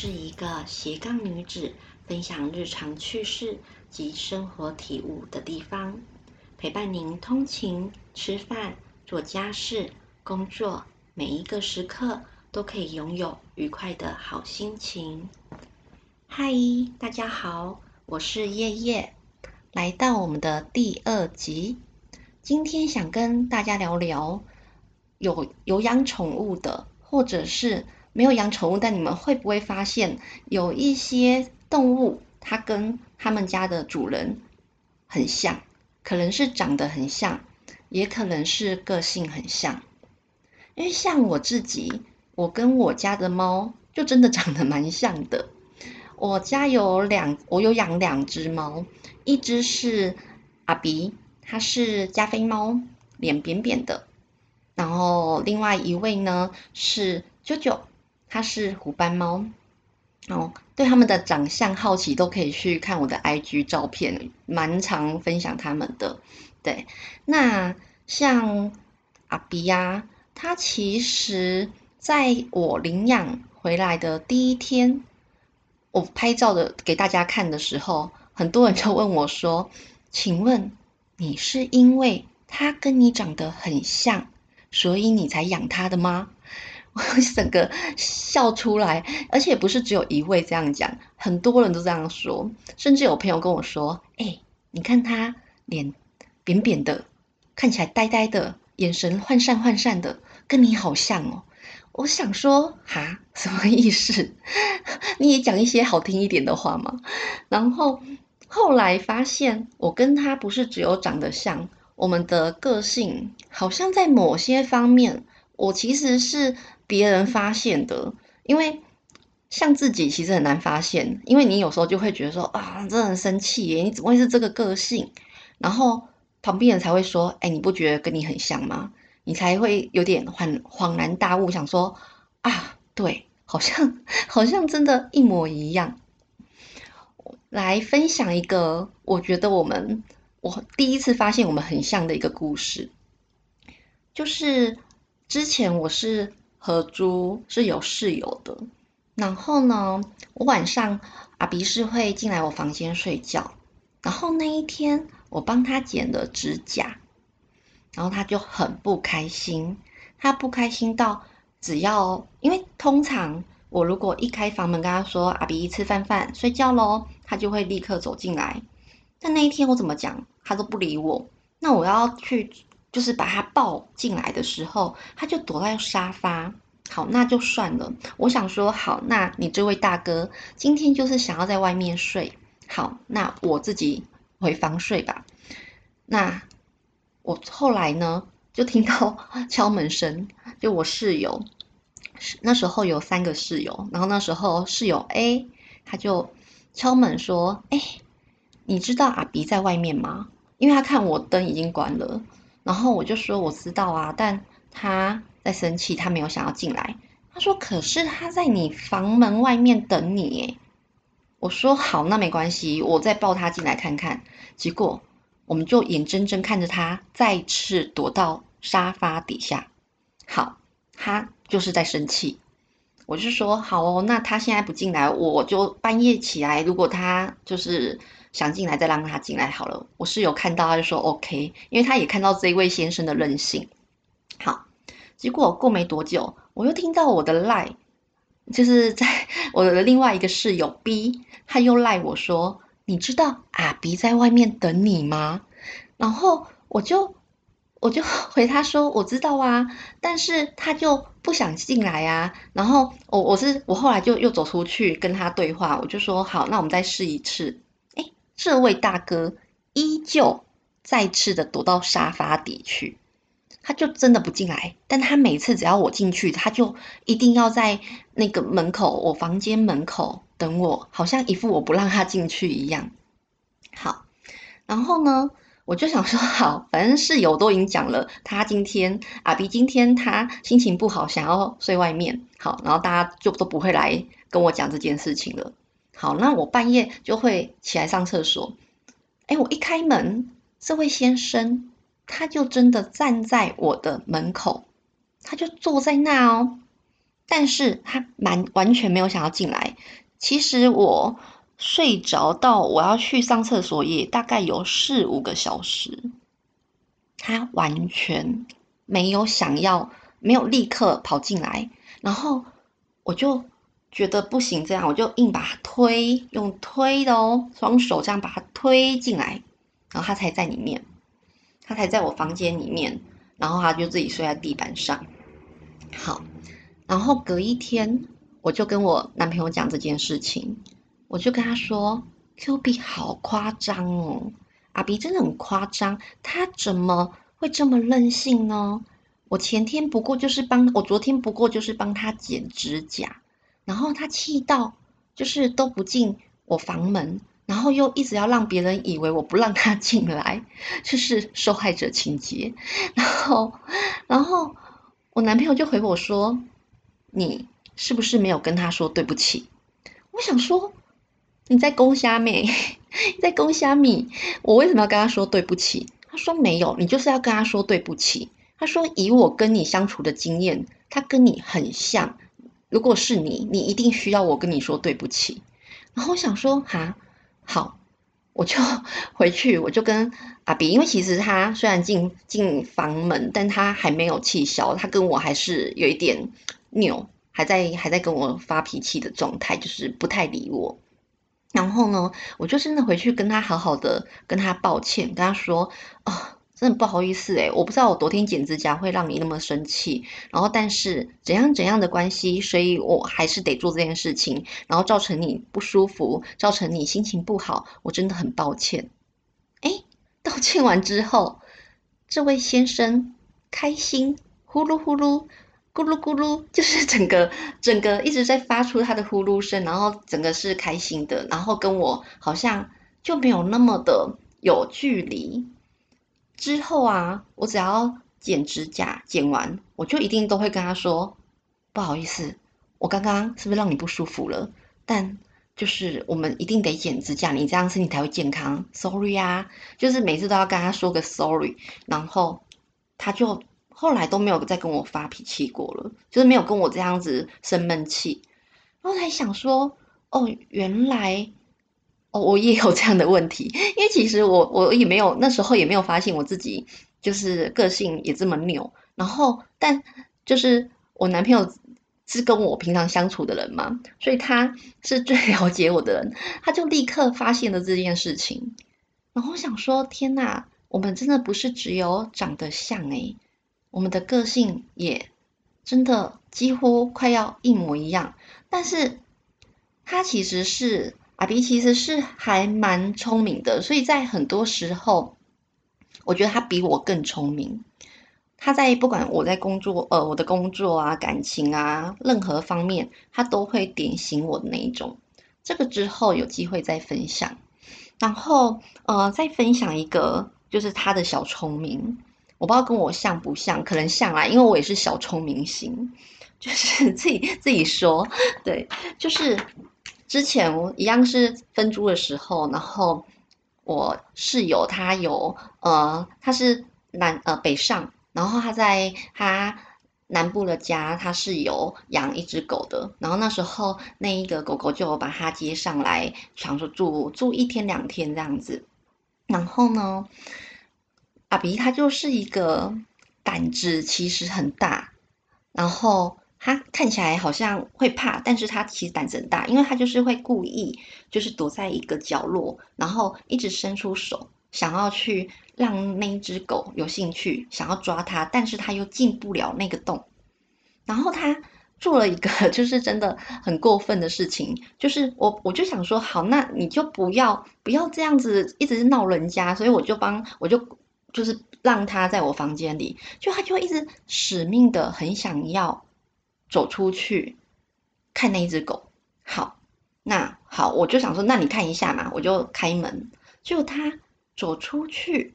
是一個斜槓女子分享日常趣事及生活體悟的地方，陪伴您通勤、吃飯、做家事、工作，每一個時刻都可以擁有愉快的好心情。嗨，大家好，我是曄曄，來到我們的第二集，今天想跟大家聊聊有有養寵物的，或者是，沒有養寵物，但你們會不會發現有一些動物，它跟他們家的主人很像，可能是長得很像，也可能是個性很像。因為像我自己，我跟我家的貓就真的長得蠻像的。我家有兩，我有養兩隻貓，一隻是阿比，它是加菲貓，臉扁扁的；然後另外一位呢是啾啾。它是虎斑貓，哦，對他們的長相好奇都可以去看我的 IG 照片，蠻常分享他們的。對，那像阿比亞啊，它其實在我領養回來的第一天，我拍照的給大家看的時候，很多人就問我說：“請問你是因為它跟你長得很像，所以你才養它的嗎？”我 整個笑出來，而且不是只有一位這樣講，很多人都這樣說，甚至有朋友跟我說：“哎、欸，你看他臉扁扁的，看起來呆呆的，眼神渙散渙散的，跟你好像哦。”我想說：“哈，什麼意思？你也講一些好聽一點的話嘛。”然後後來發現，我跟他不是只有長得像，我們的個性好像在某些方面，我其實是，別人發現的，因為像自己其實很難發現，因為你有時候就會覺得說啊，真的生氣耶，你怎麼會是這個個性？然後旁邊人才會說，哎，你不覺得跟你很像嗎？你才會有點恍恍然大悟，想說啊，對，好像好像真的一模一樣。來分享一個我覺得我們我第一次發現我們很像的一個故事，就是之前我是。合租是有室友的，然後呢，我晚上阿比是會進來我房間睡覺，然後那一天我幫他剪了指甲，然後他就很不開心，他不開心到只要，因為通常我如果一開房門跟他說阿比吃飯飯睡覺嘍，他就會立刻走進來，但那一天我怎麼講他都不理我，那我要去。就是把他抱進來的時候，他就躲在沙發。好，那就算了。我想說，好，那你這位大哥今天就是想要在外面睡。好，那我自己回房睡吧。那我後來呢，就聽到敲門聲。就我室友，那時候有三個室友，然後那時候室友 A 他就敲門說：“哎，你知道阿比在外面嗎？”因為他看我燈已經關了。然後我就說我知道啊，但他在生氣，他沒有想要進來。他說：“可是他在你房門外面等你。”我說好，那沒關係，我再抱他進來看看。結果我們就眼睜睜看着他再次躲到沙發底下。好，他就是在生氣。我就說好哦，那他現在不進來，我就半夜起來。如果他就是。想進來再讓他進來好了。我室友看到他就說 OK，因為他也看到這一位先生的任性。好，結果過沒多久，我又聽到我的賴，就是在我的另外一個室友 B，他又賴我說：“你知道阿 B 在外面等你嗎？”然後我就我就回他說：“我知道啊，但是他就不想進來啊。”然後我我是我後來就又走出去跟他對話，我就說：“好，那我們再試一次。”這位大哥依舊再次的躲到沙發底去，他就真的不進來。但他每次只要我進去，他就一定要在那個門口，我房間門口等我，好像一副我不讓他進去一樣。好，然後呢，我就想說，好，反正室友都已經講了，他今天阿比今天他心情不好，想要睡外面。好，然後大家就都不會來跟我講這件事情了。好，那我半夜就會起來上廁所。哎，我一開門，這位先生他就真的站在我的門口，他就坐在那哦。但是他蠻完全沒有想要進來。其實我睡着到我要去上廁所也大概有四五個小時，他完全沒有想要，沒有立刻跑進來。然後我就。覺得不行這樣，我就硬把它推，用推的哦，雙手這樣把它推進來，然後他才在裡面，他才在我房間裡面，然後他就自己睡在地板上。好，然後隔一天，我就跟我男朋友講這件事情，我就跟他說：“QB 好誇張哦，阿 B 真的很誇張，他怎麼會這麼任性呢？我前天不過就是幫，我昨天不過就是幫他剪指甲。”然後他氣到，就是都不進我房門，然後又一直要讓別人以為我不讓他進來，就是受害者情結。然後，然後我男朋友就回我說：“你是不是沒有跟他說對不起？”我想說：“你在攻蝦米，你在攻蝦米，我為什麼要跟他說對不起？”他說：“沒有，你就是要跟他說對不起。”他說：“以我跟你相處的經驗，他跟你很像。”如果是你，你一定需要我跟你說對不起。然後我想說，哈，好，我就回去，我就跟阿比，因為其實他雖然進進房門，但他還沒有氣消，他跟我還是有一點扭，還在還在跟我發脾氣的狀態，就是不太理我。然後呢，我就真的回去跟他好好的跟他抱歉，跟他說哦，真的不好意思誒、欸、我不知道我昨天剪指甲會讓你那麼生氣，然後但是怎樣怎樣的關係，所以我還是得做這件事情，然後造成你不舒服，造成你心情不好，我真的很抱歉。哎，道歉完之後，這位先生開心，呼嚕呼嚕，咕嚕咕嚕，就是整個整個一直在發出他的呼嚕聲，然後整個是開心的，然後跟我好像就沒有那麼的有距離。之後啊，我只要剪指甲，剪完我就一定都會跟他說，不好意思，我剛剛是不是讓你不舒服了？但就是我們一定得剪指甲，你這樣身體才會健康。Sorry 啊，就是每次都要跟他說個 Sorry，然後他就後來都沒有再跟我發脾氣過了，就是沒有跟我這樣子生悶氣。然後來想說，哦，原來。我也有這樣的問題，因為其實我我也沒有那時候也沒有發現我自己就是個性也這麼牛，然後但就是我男朋友是跟我平常相處的人嘛，所以他是最了解我的人，他就立刻發現了這件事情，然後我想說天哪，我們真的不是只有長得像誒。我們的個性也真的幾乎快要一模一樣，但是他其實是。阿比其實是還蠻聰明的，所以在很多時候，我覺得他比我更聰明。他在不管我在工作、呃我的工作啊、感情啊任何方面，他都會點醒我的那一種。這個之後有機會再分享。然後呃，再分享一個就是他的小聰明，我不知道跟我像不像，可能像啊，因為我也是小聰明型，就是自己自己說，對，就是。之前我一樣是分租的時候，然後我室友他有呃，他是南呃北上，然後他在他南部的家，他是有養一隻狗的，然後那時候那一個狗狗就把他接上來住，想說住住一天兩天這樣子，然後呢，阿比他就是一個膽子其實很大，然後。他看起來好像會怕，但是他其實膽子很大，因為他就是會故意就是躲在一個角落，然後一直伸出手，想要去讓那一隻狗有興趣，想要抓它，但是他又進不了那個洞。然後他做了一個就是真的很過分的事情，就是我我就想說好，那你就不要不要這樣子一直鬧人家，所以我就幫我就就是讓他在我房間裡，就他就會一直使命的很想要。走出去，看那一隻狗。好，那好，我就想說，那你看一下嘛。我就開門，就他走出去，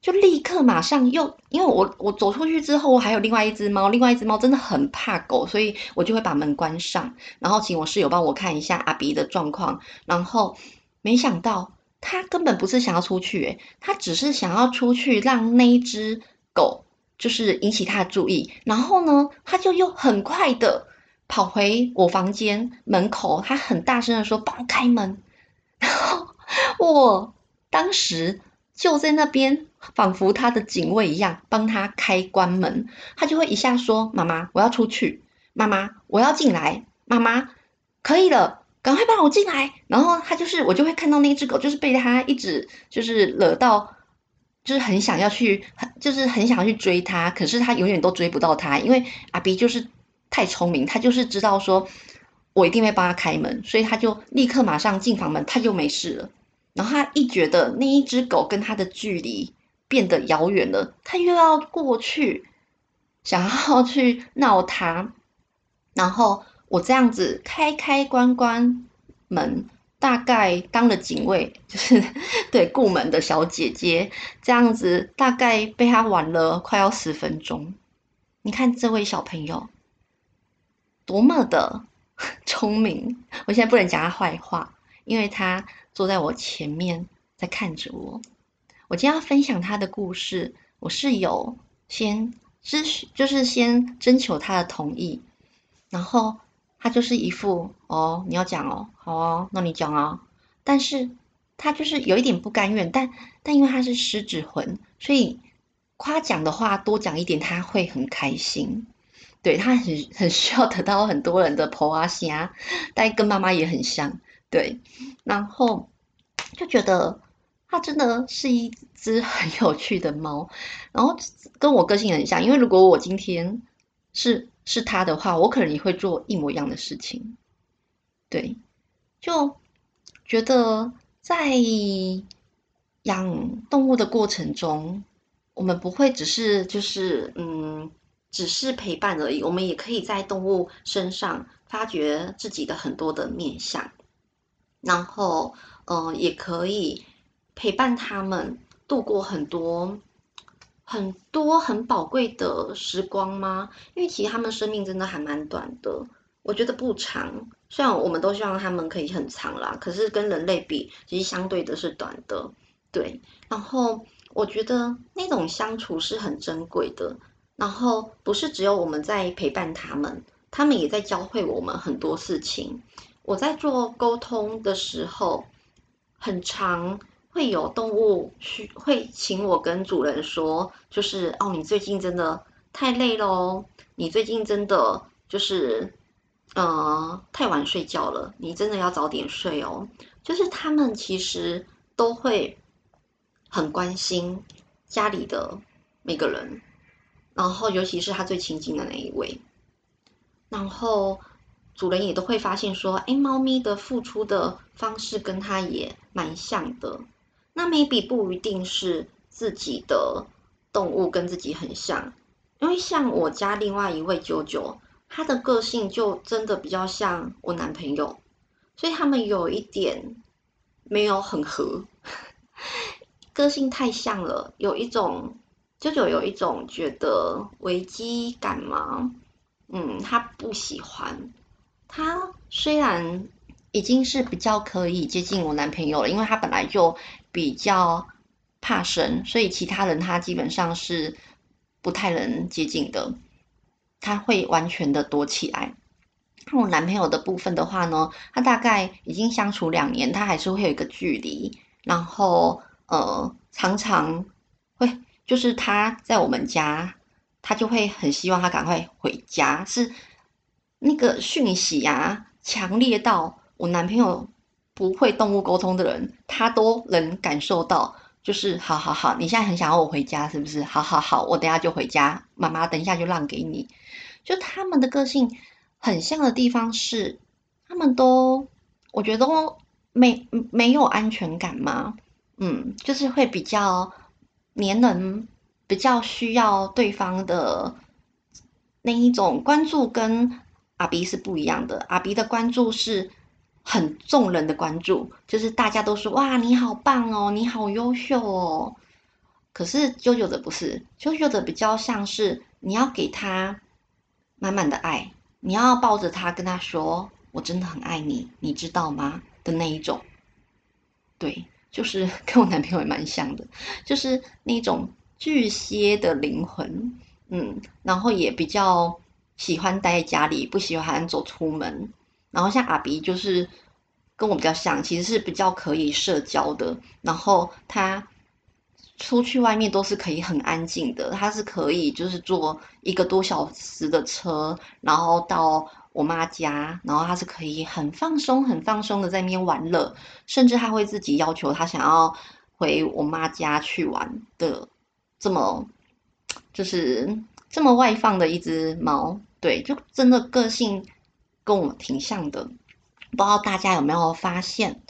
就立刻馬上又因為我，我走出去之後，我還有另外一隻貓，另外一隻貓真的很怕狗，所以我就會把門關上，然後請我室友幫我看一下阿比的狀況。然後沒想到，他根本不是想要出去，欸，誒，他只是想要出去讓那一隻狗。就是引起他的注意，然後呢，他就又很快的跑回我房間門口，他很大聲的說：“幫我開門。”然後我當時就在那邊，仿佛他的警衛一樣，幫他開關門。他就會一下說：“媽媽，我要出去。”“媽媽，我要進來。”“媽媽，可以了，趕快幫我進來。”然後他就是，我就會看到那只狗，就是被他一直就是惹到。就是很想要去，就是很想要去追他，可是他永遠都追不到他，因為阿 B 就是太聰明，他就是知道說，我一定會幫他開門，所以他就立刻馬上進房門，他就沒事了。然後他一覺得那一只狗跟他的距離變得遙遠了，他又要過去，想要去鬧他，然後我這樣子開開關關門。大概當了警衛，就是對顧門的小姐姐這樣子，大概被他玩了快要十分鐘。你看這位小朋友多麼的聰明，我現在不能講他壞話，因為他坐在我前面在看着我。我今天要分享他的故事，我是有先諮詢，就是先徵求他的同意，然後。他就是一副哦，你要講哦，好哦，那你講啊、哦。但是他就是有一點不甘願，但但因為他是獅子魂，所以誇獎的話多講一點，他會很開心。對，他很很需要得到很多人的捧啊心啊，但跟媽媽也很像。對，然後就覺得他真的是一隻很有趣的貓，然後跟我個性很像，因為如果我今天是。是他的話，我可能也會做一模一樣的事情。對，就覺得在養動物的過程中，我們不會只是就是嗯，只是陪伴而已。我們也可以在動物身上發掘自己的很多的面向，然後呃，也可以陪伴他們度過很多。很多很寶貴的時光嗎？因為其實他們生命真的還蠻短的，我覺得不長。雖然我們都希望他們可以很長啦，可是跟人類比，其實相對的是短的。對，然後我覺得那種相處是很珍貴的。然後不是只有我們在陪伴他們，他們也在教會我們很多事情。我在做溝通的時候，很長。會有動物去會請我跟主人說，就是哦，你最近真的太累了哦，你最近真的就是呃太晚睡覺了，你真的要早點睡哦。就是他們其實都會很關心家裡的每個人，然後尤其是他最親近的那一位，然後主人也都會發現說，哎，貓咪的付出的方式跟它也蠻像的。那 maybe 不一定是自己的動物跟自己很像，因為像我家另外一位舅舅，他的個性就真的比較像我男朋友，所以他們有一點沒有很合，呵呵個性太像了，有一種舅舅有一種覺得危機感嘛。嗯，他不喜歡，他雖然。已經是比較可以接近我男朋友了，因為他本來就比較怕生，所以其他人他基本上是不太能接近的，他會完全的躲起來。那我男朋友的部分的話呢，他大概已經相處兩年，他還是會有一個距離，然後呃常常會就是他在我們家，他就會很希望他趕快回家，是那個訊息啊強烈到。我男朋友不會動物溝通的人，他都能感受到，就是好好好，你現在很想要我回家，是不是？好好好，我等下就回家，媽媽等一下就讓給你。就他們的個性很像的地方是，他們都我覺得沒沒有安全感嘛，嗯，就是會比較黏人，比較需要對方的那一種關注跟，跟阿 B 是不一樣的，阿 B 的關注是。很重人的關注，就是大家都說哇，你好棒哦，你好優秀哦。可是啾啾的不是啾啾的，比較像是你要給他滿滿的愛，你要抱着他，跟他說我真的很愛你，你知道嗎？的那一種，對，就是跟我男朋友也蠻像的，就是那種巨蟹的靈魂，嗯，然後也比較喜歡待在家裡，不喜歡走出門。然後像阿比就是跟我比較像，其實是比較可以社交的。然後他出去外面都是可以很安靜的，他是可以就是坐一個多小時的車，然後到我媽家，然後他是可以很放鬆、很放鬆的在那邊玩樂，甚至他會自己要求他想要回我媽家去玩的，這麼就是這麼外放的一隻貓，對，就真的個性跟我們挺像的，不知道大家有沒有發現，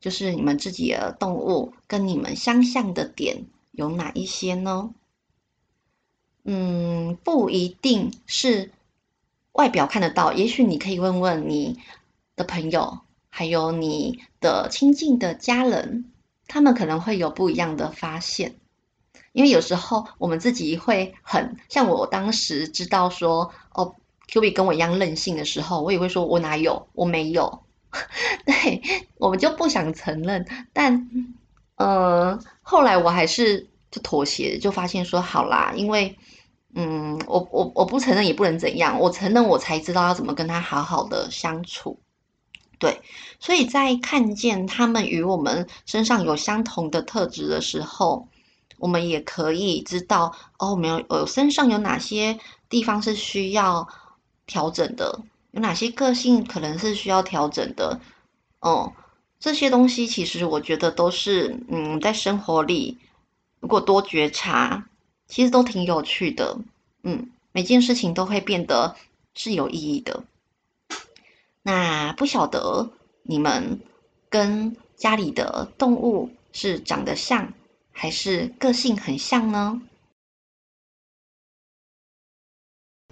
就是你們自己的動物跟你們相像的點有哪一些呢？嗯，不一定是外表看得到，也許你可以問問你的朋友，還有你的親近的家人，他們可能會有不一樣的發現。因為有時候我們自己會很像，我當時知道說哦。QB 跟我一樣任性的時候，我也會說：“我哪有？我沒有。 對”對，我們就不想承認。但，呃，後來我還是就妥協，就發現說：“好啦，因為，嗯，我我我不承認也不能怎樣，我承認我才知道要怎麼跟他好好的相處。”對，所以在看見他們與我們身上有相同的特質的時候，我們也可以知道哦，沒有我身上有哪些地方是需要。調整的，有哪些個性可能是需要調整的。哦，這些東西其實我覺得都是嗯，在生活裡如果多覺察，其實都挺有趣的。嗯，每件事情都會變得是有意義的。那不曉得你們跟家裡的動物是長得像，還是個性很像呢？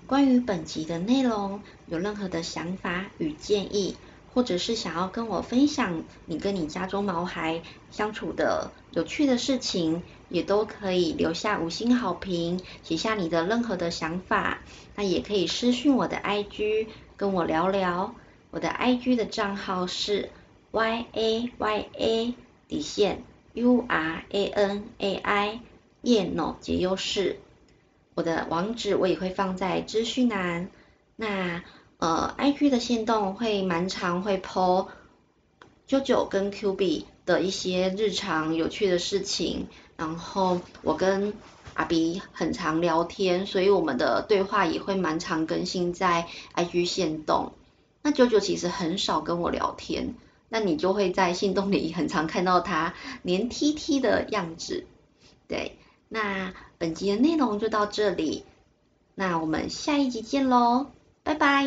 關於本集的內容，有任何的想法與建議，或者是想要跟我分享你跟你家中毛孩相處的有趣的事情，也都可以留下五星好評，寫下你的任何的想法，那也可以私訊我的 IG，跟我聊聊。我的 IG 的賬號是 y a y a 底線 uranai 曄曄解憂室。我的網址我也會放在資訊欄。那呃，IG 的限動會蠻常會 po JoJo 跟 Q B 的一些日常有趣的事情。然後我跟阿 B 很常聊天，所以我們的對話也會蠻常更新在 IG 限動。那 JoJo 其實很少跟我聊天，那你就會在限動裡很常看到他黏 T T 的樣子。對，那。本集的內容就到這裡，那我們下一集見嘍，拜拜。